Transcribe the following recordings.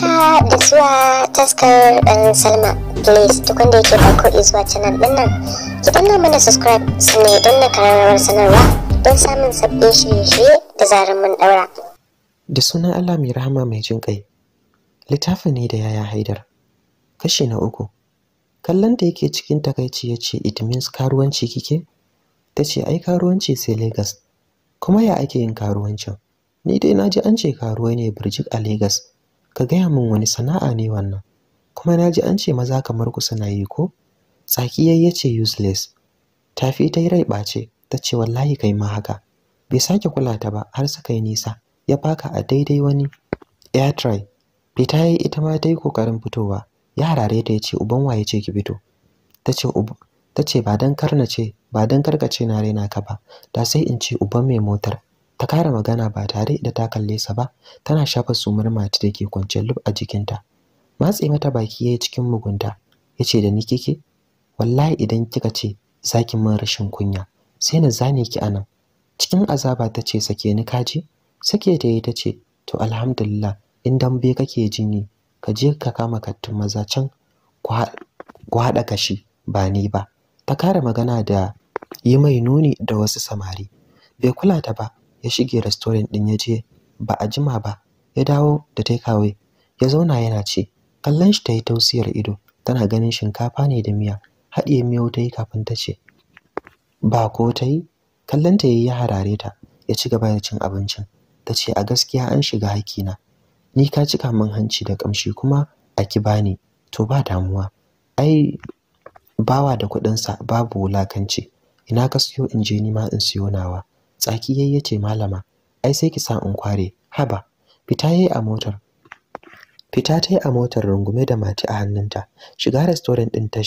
haka da zuwa taskar ɗan salma please duk wanda yake farko izuwa canal ɗin nan ki danna mana subscribe sannan don na kararrawar sanarwa don samun sabbin shirye-shirye da zarar mun ɗaura da sunan allah mai rahama mai jin ƙai littafi ne da yaya haidar kashi na uku kallon da yake cikin takaici ya ce it means karuwanci kike ta ce ai karuwanci sai lagos kuma ya ake yin karuwancin ni dai na ji an ce karuwa ne birjik a lagos ka gaya min wani sana'a ne wannan kuma na ji an ce maza kamar ku suna yi ko tsaki ya ce useless tafi ta yi rai ɓace ta ce wallahi kai ma haka bai sake kula ta ba har suka yi nisa ya baka a daidai wani air try fita yayi ita ma ta yi kokarin fitowa ya harare ta ya ce uban waye ce ki fito ta ce ta ce ba dan karna ce ba dan karkace na raina ka ba da sai in ce uban mai motar ta kara magana ba tare da ta kalle sa ba tana shafa sumar mata da ke kwance lub a jikinta matse mata baki yayi cikin mugunta yace da ni kike wallahi idan kika ce zaki min rashin kunya sai na zane ki anan cikin azaba ta ce sake ni kaje sake ta yi ta ce to alhamdulillah in dambe kake jini ka je ka kama kattun maza can ku kashi ba ni ba ta kara magana da yi mai nuni da wasu samari bai kula ta ba ya shige restaurant din ya je ba a jima ba ya dawo da takeaway ya zauna yana ce, kallon shi ta yi tausiyar ido tana ganin shinkafa ne da miya haɗiye miyau ta yi kafin ta ce ba ko ta yi kallon ta ya harare ta ya ci gaba da cin abincin ta ce a gaskiya an shiga hakina ni ka cika min hanci da kamshi kuma a ki bani to ba damuwa ai bawa da kuɗinsa babu wulakanci ina ka siyo in je ni ma in siyo nawa tsaki yayi yace malama ai sai ki sa in kware haba fita yayi a motar fita tayi a motar rungume da mati a hannunta shiga restaurant din ta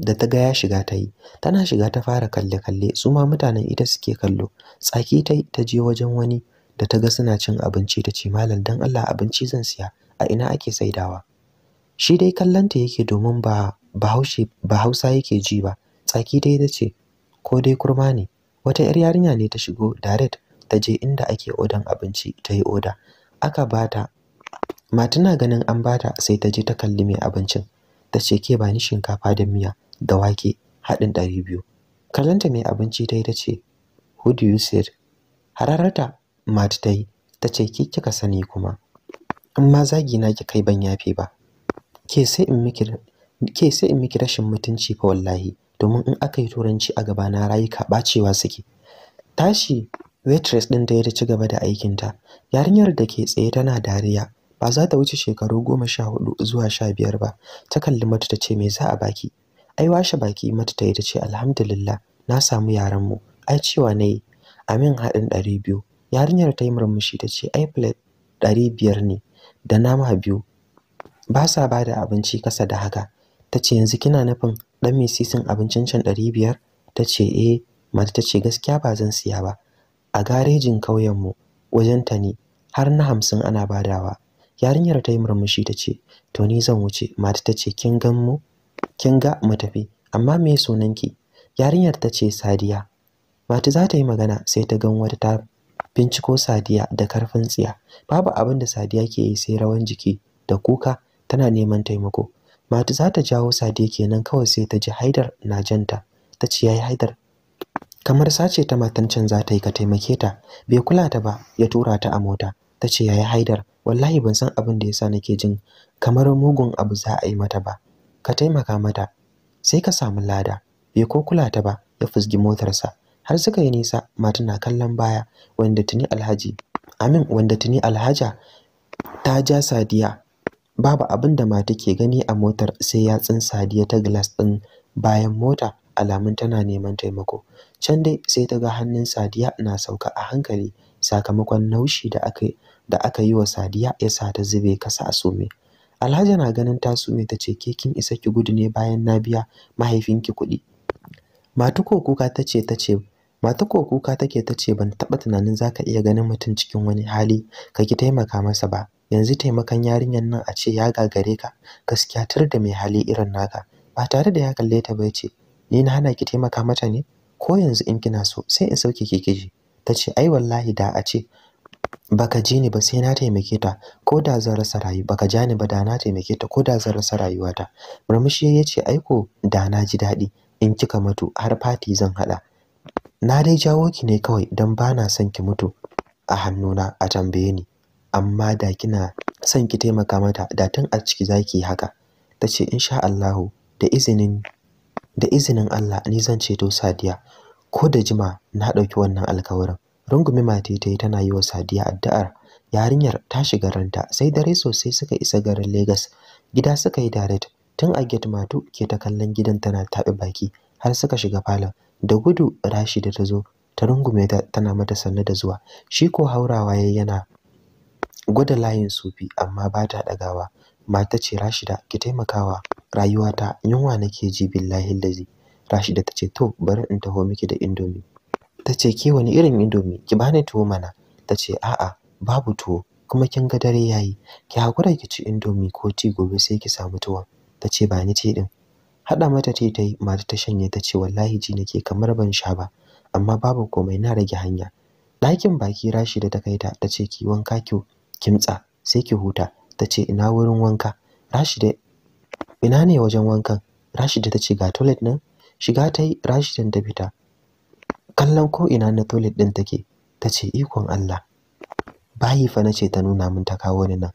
da ta ga ya shiga ta yi tana shiga ta fara kalle-kalle su ma mutanen ita suke kallo tsaki ta ta je wajen wani da ta ga suna cin abinci ta ce malam dan Allah abinci zan siya a ina ake saidawa shi dai kallanta yake domin ba ba hausa yake ji ba tsaki dai ta ce ko dai kurma ne wata yar yarinya ne ta shigo direct ta je inda ake odan abinci ta yi oda aka bata ma ganin an bata sai ta je ta kalli mai abincin ta ce ke ba ni shinkafa da miya da wake haɗin ɗari biyu kallanta mai abinci ta yi ta ce who do you say? hararata mat ta yi ta ce ki kika sani kuma in ma zagi na ki kai ban yafe ba ke in miki ke sai in miki rashin mutunci fa wallahi domin in aka yi turanci a gabana rayuka ɓacewa suke tashi waitress din da ya ci gaba da aikinta yarinyar da ke tsaye tana dariya ba za ta wuce shekaru goma sha hudu zuwa sha biyar ba ta kalli mata ta ce me za a baki ai washe baki mata ta yi ta ce alhamdulillah na samu yaran mu ai cewa na yi amin haɗin ɗari biyu yarinyar ta yi murmushi ta ce ai plate ɗari biyar ne da nama biyu ba sa ba da abinci kasa da haka ta ce yanzu kina nufin ɗan misisin abincin can ɗari biyar ta ce eh mata ta ce gaskiya ba zan siya ba a garejin ƙauyenmu wajen ta ne har na hamsin ana badawa yarinyar ta yi murmushi ta ce to ni zan wuce mata ta ce kin gan mu kin ga mu tafi amma me sunanki yarinyar ta ce sadiya mata za ta yi magana sai ta gan wata ta binciko sadiya da karfin tsiya babu abin da sadiya ke yi sai rawan jiki da kuka tana neman taimako mata za ta jawo Sadiya kenan kawai sai ta ji Haidar na janta. Ta ce yayi Haidar kamar sace ta matan can za ta yi ka taimake ta. Bai kula ta ba ya tura ta a mota. Ta ce yayi Haidar wallahi ban san abin da yasa nake jin kamar mugun abu za a yi mata ba. Ka taimaka mata sai ka samu lada. Bai ko kula ta ba ya fusgi motarsa. Har suka yi nisa matu na kallon baya wanda tuni Alhaji Amin wanda tuni Alhaja ta ja Sadiya babu abin da mata ke gani a motar sai yatsun sadiya ta glass ɗin bayan mota alamun tana neman taimako can dai sai ta ga hannun sadiya na sauka a hankali sakamakon naushi da aka da aka yi wa sadiya ya sa ta zube kasa a sume alhaji na ganin ta sume ta ce ke kin isa ki gudu ne bayan na biya mahaifinki kuɗi ko kuka ta ce ta ce Mata ko kuka take ta ce ban taɓa tunanin za ka iya ganin mutum cikin wani hali ka ki taimaka masa ba. yanzu taimakon yarinyar nan a ce ya gagare ka gaskiya tar da mai hali irin naka ba tare da ya kalle ta ba ce ni na hana ki taimaka mata ne ko yanzu in kina so sai in sauke ki kiji ta ce ai wallahi da a ce baka ji ni ba sai na taimake ta ko da zan rasa rayuwa baka ja ni ba da na taimake ta ko da zan rasa rayuwata murmushi ya ce aiko da na ji daɗi in kika mutu har fati zan haɗa na dai jawo ki ne kawai don ba na son ki mutu a hannuna a tambaye ni amma da kina son ki taimaka mata da tun a ciki zaki yi haka tace insha Allahu da izinin da izinin Allah ni zan ceto Sadiya ko da jima na dauki wannan alkawarin rungume mate tayi tana yi wa Sadiya addu'ar yarinyar ta shiga ranta sai dare sosai suka isa garin Lagos gida suka yi direct tun a gate matu ke ta kallon gidan tana taɓi baki har suka shiga falon da gudu Rashida ta zo ta rungume ta tana mata sanne da zuwa shi ko haurawa yayi yana gwada layin sufi amma ba ta ɗagawa. Mata ce Rashida ki taimakawa rayuwata yunwa nake ji billahi lazi. Rashida ta ce to bari in taho miki da indomi. Ta ce ke wani irin indomi ki bani tuwo mana. Ta ce a'a babu tuwo kuma kin ga dare yayi ki hakura ki ci indomi ko ti gobe sai ki samu tuwon. Ta ce ba ni ce din. Haɗa mata ce ta yi mata ta shanye ta ce wallahi ji nake kamar ban sha ba amma babu komai na rage hanya. Ɗakin baki Rashida ta kai ta ta ce ki wanka kyau. kimtsa sai ki huta ta ce ina wurin wanka Rashida ina ne wajen wankan Rashida ta ce ga toilet nan shiga ta yi Rashidan ta fita kallon ko ina na toilet din take ta ce ikon Allah bayi fa nace ta nuna min ta kawo ni nan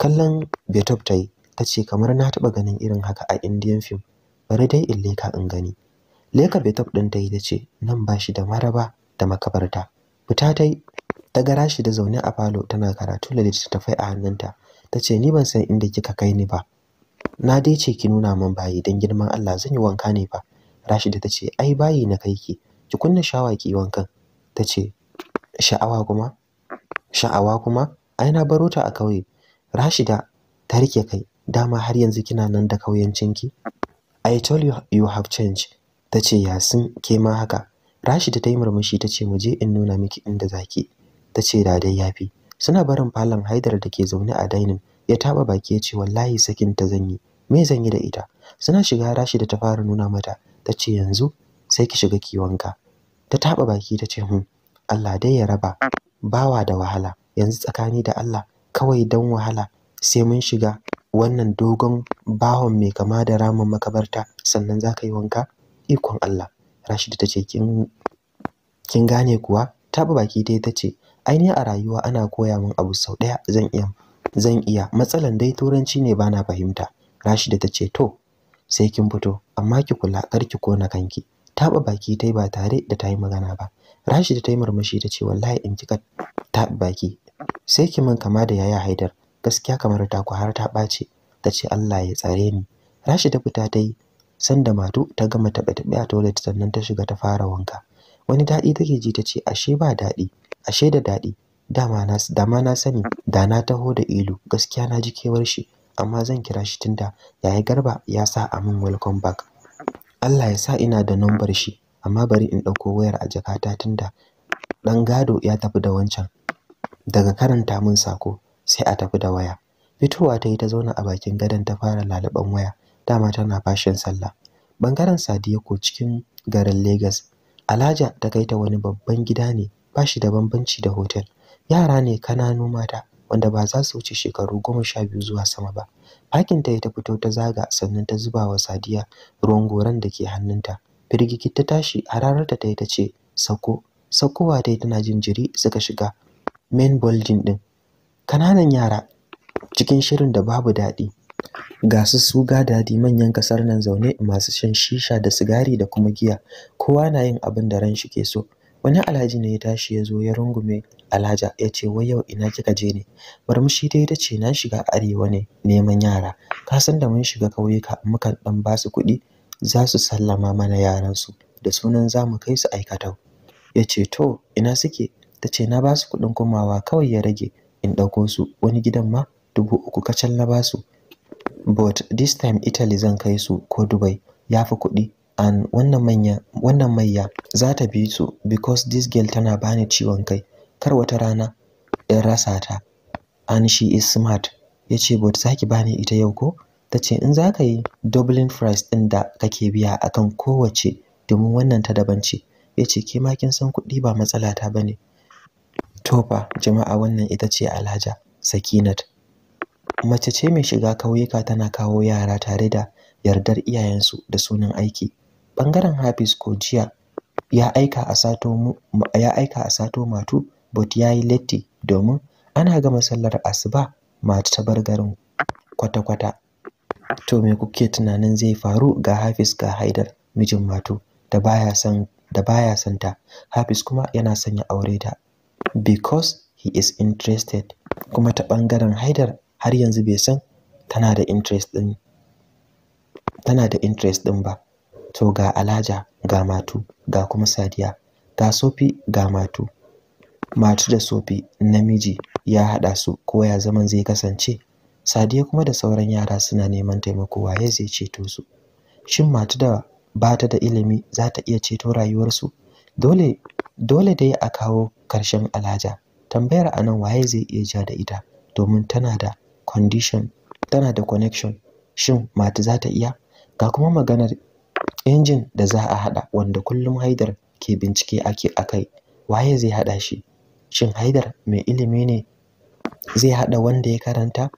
kallon Betop ta yi ta ce kamar na taɓa ganin irin haka a Indian film bari dai in leka in gani leka Betop ɗin ta yi ce nan bashi da maraba da makabarta fita ta ta ga Rashida zaune a falo tana karatu da littattafai a hannunta ta ce ni ban san inda kika kai ni ba na dai ce ki nuna min bayi don girman Allah zan yi wanka ne ba Rashida ta ce ai bayi na kai ki ki kunna shawa ki wankan ta ce sha'awa kuma sha'awa kuma ai na baro ta a kauye Rashida ta rike kai dama har yanzu kina nan da ki I told you you have changed tace Yasin ke ma haka Rashida ta yi murmushi tace mu je in nuna miki inda zaki ta ce da dai ya fi suna barin falon haidar da ke zaune a dainin ya taɓa baki ya ce wallahi sakin ta zan yi me zan yi da ita suna shiga rashi da ta fara nuna mata ta ce yanzu sai ki shiga ki wanka ta taɓa baki ta ce hun hmm, Allah dai ya raba bawa da wahala yanzu tsakani da Allah kawai dan wahala sai mun shiga wannan dogon bahon mai kama da ramin makabarta sannan za ka yi wanka ikon Allah Rashida ta ce kin gane kuwa taɓa baki dai ta ce ai a rayuwa ana koya min abu sau ɗaya zan iya zan iya matsalan dai turanci ne bana fahimta Rashida ta ce to sai kin fito amma ki kula kar ki kona kanki taba baki tai ba tare da ta yi magana ba Rashida ta yi murmushi ta ce wallahi in kika taɓa baki sai ki min kama da yaya Haidar gaskiya kamar ta ku har ta ɓace ta ce Allah ya tsare ni Rashida fita ta yi sanda matu ta gama taɓe taɓe a toilet sannan ta shiga ta fara wanka wani daɗi take ji ta ce ashe ba daɗi ashe da daɗi dama na sani da na taho da ilu gaskiya na ji kewar shi amma zan kira shi tunda yayi garba ya sa a min welcome back Allah ya sa ina da numbar shi amma bari in ɗauko wayar a jakata tunda ɗan gado ya tafi da wancan daga karanta mun sako sai a tafi da waya fitowa ta yi ta zauna a bakin gadon ta fara lalaban waya dama tana fashin sallah bangaren sadiya ko cikin garin Legas. Alhaja ta kaita wani babban gida ne ba shi da bambanci da hotel yara ne kananu mata wanda ba za su wuce shekaru goma sha biyu zuwa sama ba ta ya ta fito ta zaga sannan ta zuba wa sadiya ruwan goran da ke hannunta firgigi ta tashi ranar ta yi ta ce sako sakowa dai tana jin jiri suka shiga main building din kananan yara cikin shirin da babu daɗi ga su su dadi manyan kasar nan zaune masu shan shisha da sigari da kuma giya kowa na yin abin da ran shi ke so wani alhaji ne ya tashi ya zo ya rungume alhaja ya ce wai yau ina kika je ne murmushi dai ta ce na shiga arewa ne neman yara ka san da mun shiga ƙauyuka mukan dan ba su kuɗi za su sallama mana yaran su da sunan za mu kai su aikatau ya ce to ina suke ta ce na ba su kuɗin komawa kawai ya rage in ɗauko su wani gidan ma dubu uku kacal na ba su but this time Italy zan kai su ko Dubai ya fi kuɗi and wannan manya wannan mayya za ta bi su because this girl tana bani ciwon kai kar wata rana in rasa ta and she is smart yace but zaki bani ita yau ko tace in za ka yi doubling price din da kake biya akan kowace domin wannan ta daban ce yace ke ma kin san kuɗi ba matsala ta bane to fa jama'a wannan ita ce Alhaja Sakinat mace ce mai shiga kauyuka tana kawo yara tare da yardar iyayensu da sunan aiki bangaren hafiz ko jiya ya aika a sato matu but ya yi latti domin ana gama sallar asuba matu ta bar garin kwata kwata to me kuke tunanin zai faru ga hafiz ga haidar mijin matu da baya son ta hafiz kuma yana son ya aure ta because he is interested kuma ta bangaren haidar har yanzu bai san tana da interest din ba to ga alaja ga matu ga kuma sadiya ga sofi ga matu matu da sofi namiji ya hada su ko ya zaman zai kasance sadiya kuma da sauran yara suna neman taimako waye zai ceto su shin matu da ba da ilimi za ta iya ceto rayuwarsu dole dole dai a kawo karshen alaja tambayar a nan waye zai iya ja da ita domin tana da condition tana da connection shin matu za ta iya ga kuma maganar injin da za a haɗa wanda kullum haidar ke bincike a kai waye zai haɗa shi shin haidar mai ilimi ne zai haɗa wanda ya karanta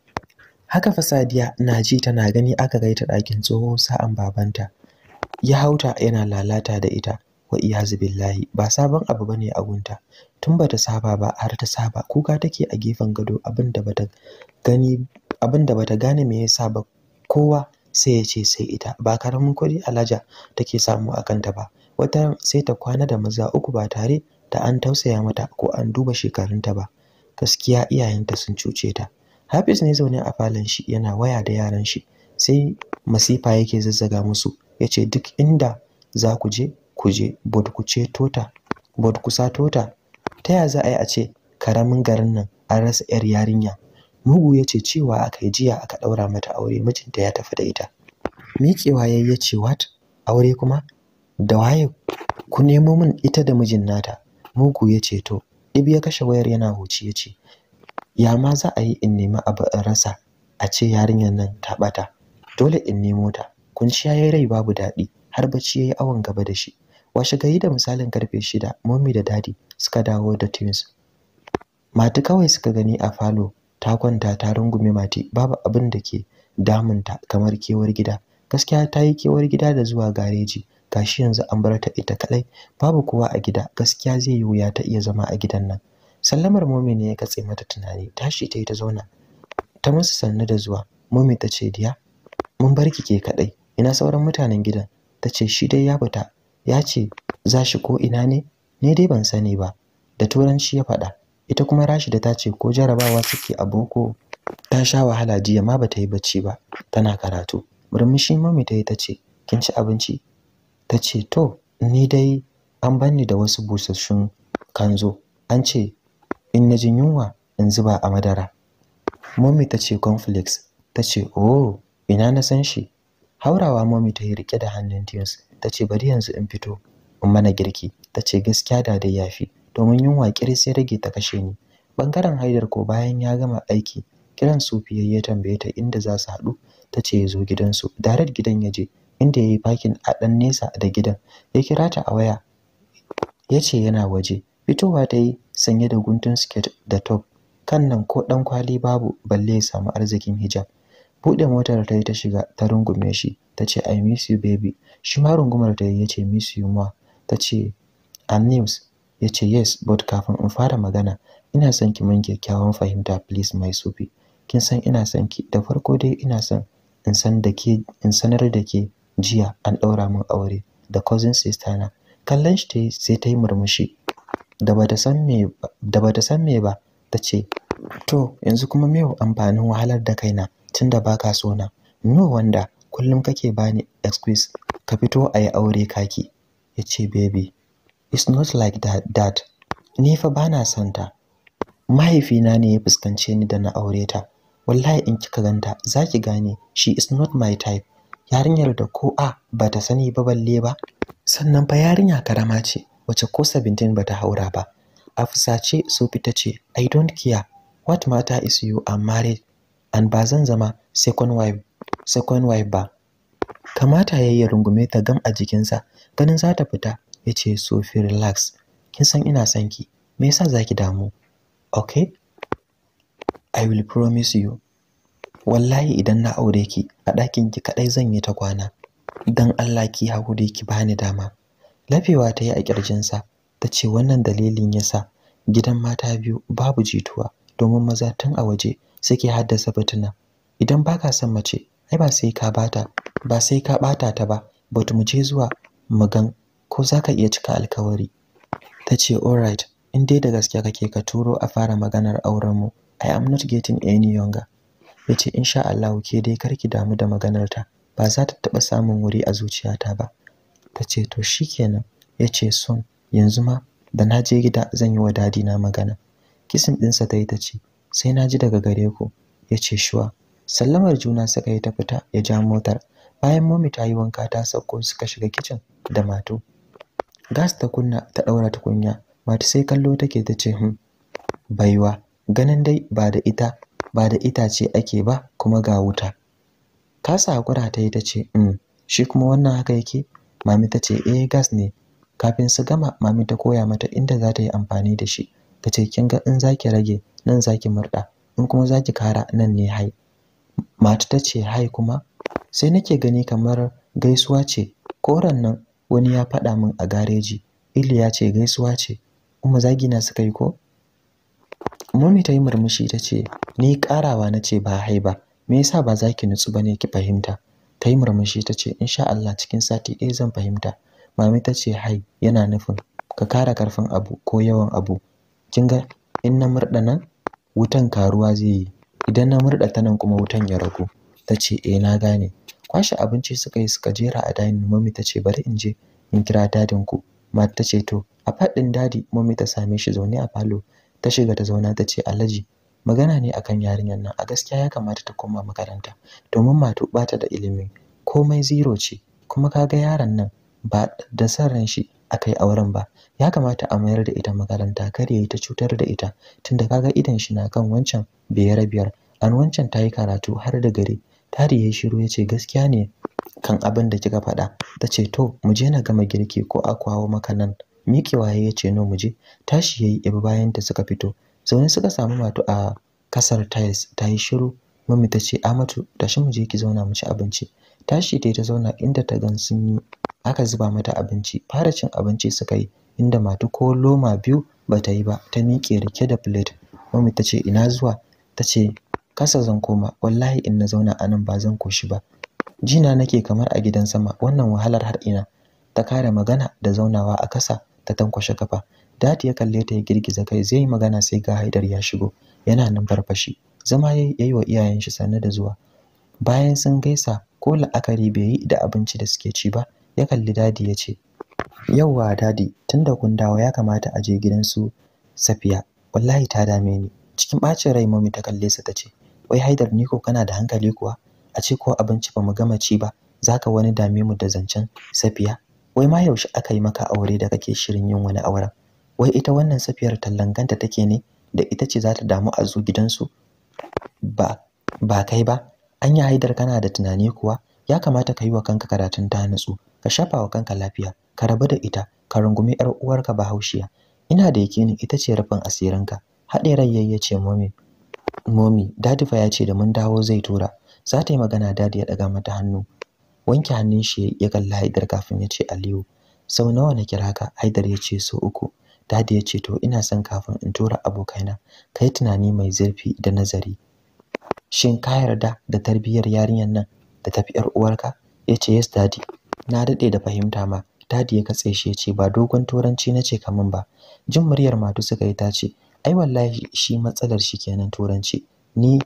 haka fa sadiya na ji tana gani aka gaita ɗakin tsohon sa'an babanta ya hauta yana lalata da ita wa iyazu billahi ba sabon abu bane a gunta tun bata saba ba har ta saba kuka take a gefen gado abinda bata abinda bata gane me yasa ba kowa sai ya ce sai ita ba karamin kuɗi alaja take samu a kanta ba wata sai ta kwana da maza uku ba tare da an tausaya mata ko an duba shekarunta ba gaskiya iyayenta sun cuce ta Hafiz ne zaune a falon shi yana waya da yaran shi sai masifa yake zazzaga musu ya ce duk inda za ku je ku je bod ku ce tota bod ku tota ta ya za a yi a ce karamin garin nan an rasa yar yarinya mugu ya ce cewa aka yi jiya aka ɗaura mata aure mijinta ya tafi da ita Mikewa ya ya ce wat aure kuma da waye ku nemo min ita da mijin nata mugu ya ce to ibi ya kashe wayar yana huci ya ce ya ma za a yi in nemi abu in rasa a ce yarinyar nan ta ɓata dole in nemo ta kunciya ya rai babu daɗi har bacci ya yi awon gaba da shi washe gari da misalin karfe shida mommy da dadi suka dawo da twins matu kawai suka gani a falo ta kwanta ta rungume mati babu abin da ke ta kamar kewar gida gaskiya ta yi kewar gida da zuwa gareji gashi yanzu an bar ta ita kadai babu kowa a gida gaskiya zai yi wuya ta iya zama a gidan nan sallamar momin ne ya katse mata tunani tashi ta yi ta zauna ta musu sannu da zuwa momi ta ce diya mun bar ki ke kadai ina sauran mutanen gidan ta ce shi dai ya fita ya ce za shi ko ina ne ne dai ban sani ba da turanci ya faɗa ita kuma Rashida ta ce ko jarabawa suke a boko ta sha wahala jiya ma ba ta yi bacci ba tana karatu murmushi mami ta yi ta ce kin ci abinci ta ce to ni dai an banni da wasu busassun kanzo an ce in na jin yunwa in zuba a madara mami ta ce cornflakes ta ce oh ina na san shi haurawa mami ta yi rike da hannun tiyus ta ce bari yanzu in fito in mana girki ta ce gaskiya da dai yafi domin yunwa kiris ya rage ta kashe ni bangaren haidar ko bayan ya gama aiki kiran sufiyayya ya tambaye ta inda za su haɗu ta ce ya zo gidansu daret gidan ya je inda ya yi fakin a ɗan nesa da gidan ya kira ta a waya ya ce yana waje fitowa ta yi sanye da guntun skirt da top kan nan ko ɗan kwali babu balle ya samu arzikin hijab buɗe motar ta yi ta shiga ta rungume shi ta ce i miss you baby shi ma rungumar ta yi ya ce miss you ma ta ce a news ya ce yes but kafin in fara magana ina son ki min kyakkyawan fahimta please mai sufi kin san ina son ki da farko dai ina son in san sanar da ke jiya an ɗaura min aure da cousin sister na kallon shi ta yi sai ta yi murmushi da bata san me san me ba ta ce to yanzu kuma me amfanin wahalar da kaina da baka so na no wanda kullum kake bani excuse ka fito a yi aure kaki ya ce baby it's not like that that ni fa bana son ta mahaifina ne ya fuskance ni da na aure ta wallahi in kika ganta zaki gane she is not my type yarinyar da ko a ta sani ba balle ba sannan fa yarinya karama ce wace ko 17 ta haura ba a fusace so fita ce i don't care what matter is you are married and ba zan zama second wife second wife ba kamata yayi ya rungume ta gam a jikinsa ganin za ta fita ya ce fi relax. Kin san ina son ki. Me yasa zaki damu? Okay? I will promise you. Wallahi idan na aure ki a ɗakin ki kadai zan yi ta kwana. Dan Allah ki hakuri ki bani dama. Lafewa ta yi a ƙirjinsa ta ce wannan dalilin yasa gidan mata biyu babu jituwa domin maza tun a waje suke haddasa fitina. Idan baka son mace ai ba sai ka bata ba sai ka bata ta ba but mu je zuwa mu gan ko za ka iya cika alkawari ta ce alright in dai da gaske kake ka turo a fara maganar aurenmu i am not getting any younger ya ce insha Allah ke dai ki damu da maganarta ba za ta taɓa samun wuri a zuciyata ba ta ce to shikenan ya ce son yanzu ma da na je gida zan yi wa dadi na magana kisin ɗinsa ta yi ta ce sai na ji daga gare ku ya ce shuwa sallamar juna suka yi ta fita ya ja motar bayan momi ta yi wanka ta sauko suka shiga kicin da mato gas ta kunna ta ɗaura tukunya mata sai kallo take ta ce hun hmm, baiwa ganin dai ba da ita ba da itace ake ba kuma ga wuta kasa hakura ta yi ta ce um shi kuma wannan haka yake mami ta ce eh gas ne kafin su gama mami ta koya mata inda za ta yi amfani da shi ta ce kin ga in zaki rage nan zaki murda in kuma zaki kara nan ne hai mata ta ce hai kuma sai nake gani kamar gaisuwa ce koran nan wani ya faɗa min a gareji Ili ya ce gaisuwa ce kuma zagina suka yi ko mummy ta yi murmushi ta ce ni karawa na ce ba hai ba me yasa ba za ki nutsu ne ki fahimta ta yi murmushi ta ce insha Allah cikin sati ɗaya zan fahimta mami ta ce hai yana nufin ka kara karfin abu ko yawan abu kin ga in na murɗa nan wutan karuwa zai yi idan na murɗa ta nan kuma wutan ya ragu ta ce eh na gane Kwashe abinci suka yi suka jera a dining mami ta ce bari in je in kira dadin ku. Mata ce to a fadin dadi mami ta same shi zaune a falo ta shiga ta zauna ta ce Alhaji magana ne akan yarinyar nan a gaskiya ya kamata ta koma makaranta domin mato bata da ilimi komai zero ce kuma kaga yaron nan ba da san ran shi akai auren ba ya kamata a mayar da ita makaranta kar yayi ta cutar da ita tunda kaga idan shi na kan wancan biyar biyar an wancan tayi karatu har da gare Tari ya shiru ya ce gaskiya ne kan abin da kika faɗa. Ta ce to mu je na gama girki ko a kwawo maka nan. Mikewa ya ce no mu je. Tashi ya yi ibi bayan ta suka fito. Zaune suka samu matu a kasar tiles ta yi shiru. Mami ta ce Amatu tashi mu je ki zauna mu ci abinci. Tashi dai ta zauna inda ta gan sun yi aka zuba mata abinci. Fara cin abinci suka yi inda matu ko loma biyu ba ta yi ba ta miƙe rike da plate. Mami ta ce ina zuwa ta ce kasa zan koma wallahi in na zauna anan ba zan koshi ba jina nake kamar a gidan sama wannan wahalar har ina ta kare magana da zaunawa a kasa ta tankwashe kafa dadi ya kalle ta ya girgiza kai zai yi magana sai ga haidar ya shigo yana nan farfashi zama yayi yayi wa iyayen shi sanne da zuwa bayan sun gaisa ko la'akari bai yi da abinci da suke ci ba ya kalli dadi ya ce yauwa dadi tunda kun dawo ya kamata a je gidansu safiya wallahi ta dame ni cikin bacin rai mami ta kalle sa ta ce wai haidar ni ko kana da hankali kuwa a ce ko abinci ba mu gama ci ba ka wani dame mu da zancen safiya wai ma yaushe aka yi maka aure da kake shirin yin wani auren wai ita wannan safiyar tallanganta take ne da ita ce za ta damu a zu gidansu ba ba kai ba an yi haidar kana da tunani kuwa ya kamata ka yi wa kanka karatun ta nutsu ka shafa wa kanka lafiya ka rabu da ita ka rungumi yar uwarka bahaushiya ina da yakinin ita ce rufin asirinka haɗe rai ce momin Momi, dadi fa ya ce da mun dawo zai tura. Za ta yi magana dadi ya ɗaga mata hannu. Wanke hannun shi ya kalla Haidar kafin ya ce Aliyu, sau nawa na kira ka? Haidar ya ce sau uku. Dadi ya ce to ina son kafin in tura abokaina, kai tunani mai zurfi da nazari. Shin ka yarda da tarbiyyar yarinyar nan da tafi yar uwarka? Ya ce yes dadi. Na daɗe da fahimta ma. Dadi ya katse shi ya ce ba dogon turanci na ce kaman ba. Jin muryar Matu suka yi ta ce ai wallahi shi matsalar shi kenan turanci ni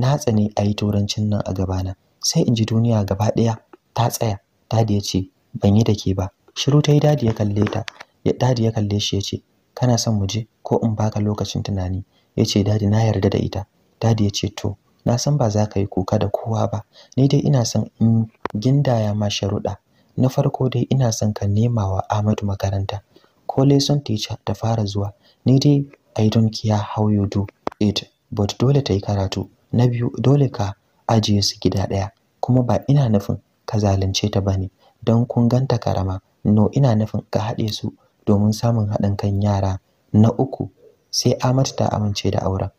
na tsane a yi turancin nan a gabana sai in ji duniya gaba ɗaya ta tsaya dadi ya ce ban yi da ke ba shiru ta yi dadi ya kalle ta ya dadi ya kalle shi ya ce kana son mu je ko in baka lokacin tunani ya ce dadi na yarda da ita dadi ya ce to na san ba za ka yi kuka da kowa ba ni dai ina son in gindaya ma sharuɗa na farko dai ina son ka nemawa wa Ahmadu makaranta ko lesson teacher ta fara zuwa ni dai I don't care how you do it but dole ta yi karatu. Na biyu dole ka ajiye su gida ɗaya kuma ba ina nufin ka zalunce ta ba ne, don kun ganta karama no ina nufin ka haɗe su domin samun haɗin kan yara na uku sai Amat ta amince da auren.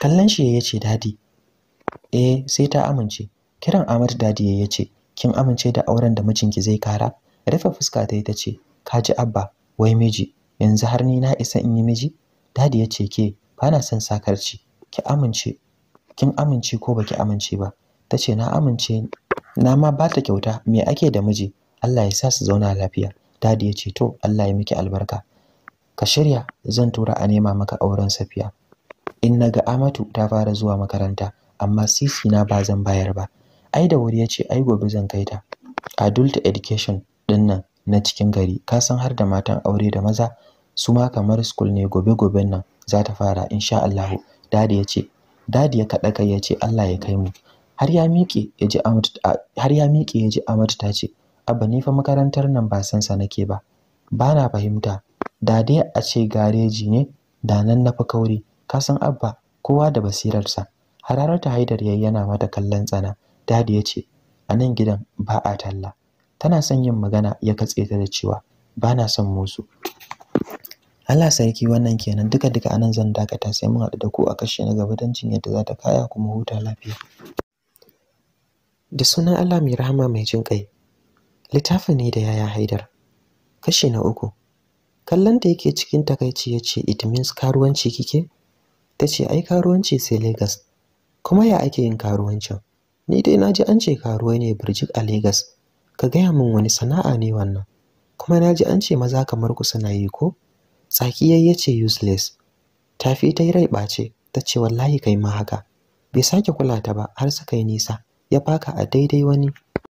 Kallon shi ya ce dadi eh sai ta amince kiran Amat dadi ya ce kin amince da auren da mijinki zai kara rufe fuska ta yi ta ce ka ji abba wai miji yanzu har ni na isa in yi miji dadi ya ce ke ba na son sakarci ki amince kin amince ko baki amince ba ta ce na amince na ma ba ta kyauta me ake da miji Allah ya sa su zauna lafiya dadi ya ce to Allah ya miki albarka ka shirya zan tura a nema maka auren safiya in naga amatu ta fara zuwa makaranta amma sisi na ba zan bayar ba ai da wuri ya ce ai gobe zan kai ta adult education din na cikin gari ka san har da matan aure da maza su ma kamar school ne gobe-goben nan za ta fara insha Allah dadi ya ce dadi ya kada kai ya ce Allah ya kai mu har ya miƙe ya ji Amadu har ya miƙe ya ji Amadu ta ce abba ni fa makarantar nan ba san sa nake ba ba na fahimta da dai a ce gareji ne da nan na fi kauri ka san abba kowa da basirarsa hararar ta haidar yayi yana mata kallon tsana dadi ya ce a nan gidan ba a talla tana son yin magana ya katse ta da cewa ba na son musu Allah sarki wannan kenan duka duka anan zan dakata sai mun haɗu da ku a kashe na gaba don jin yadda za ta kaya kuma huta lafiya da sunan Allah mai rahama mai jin kai Littafin ne da yaya haidar kashi na uku kallon da yake cikin takaici ya ce it means karuwanci kike ta ce ai karuwanci sai Lagos kuma ya ake yin karuwancin ni dai na ji an ce karuwai ne birjik a Lagos ka gaya min wani sana'a ne wannan kuma na ji an ce maza kamar ku suna yi ko tsaki ya ce useless tafi ta yi rai ɓace ta ce wallahi kai ma haka bai sake kula ta ba har suka yi nisa ya baka a daidai wani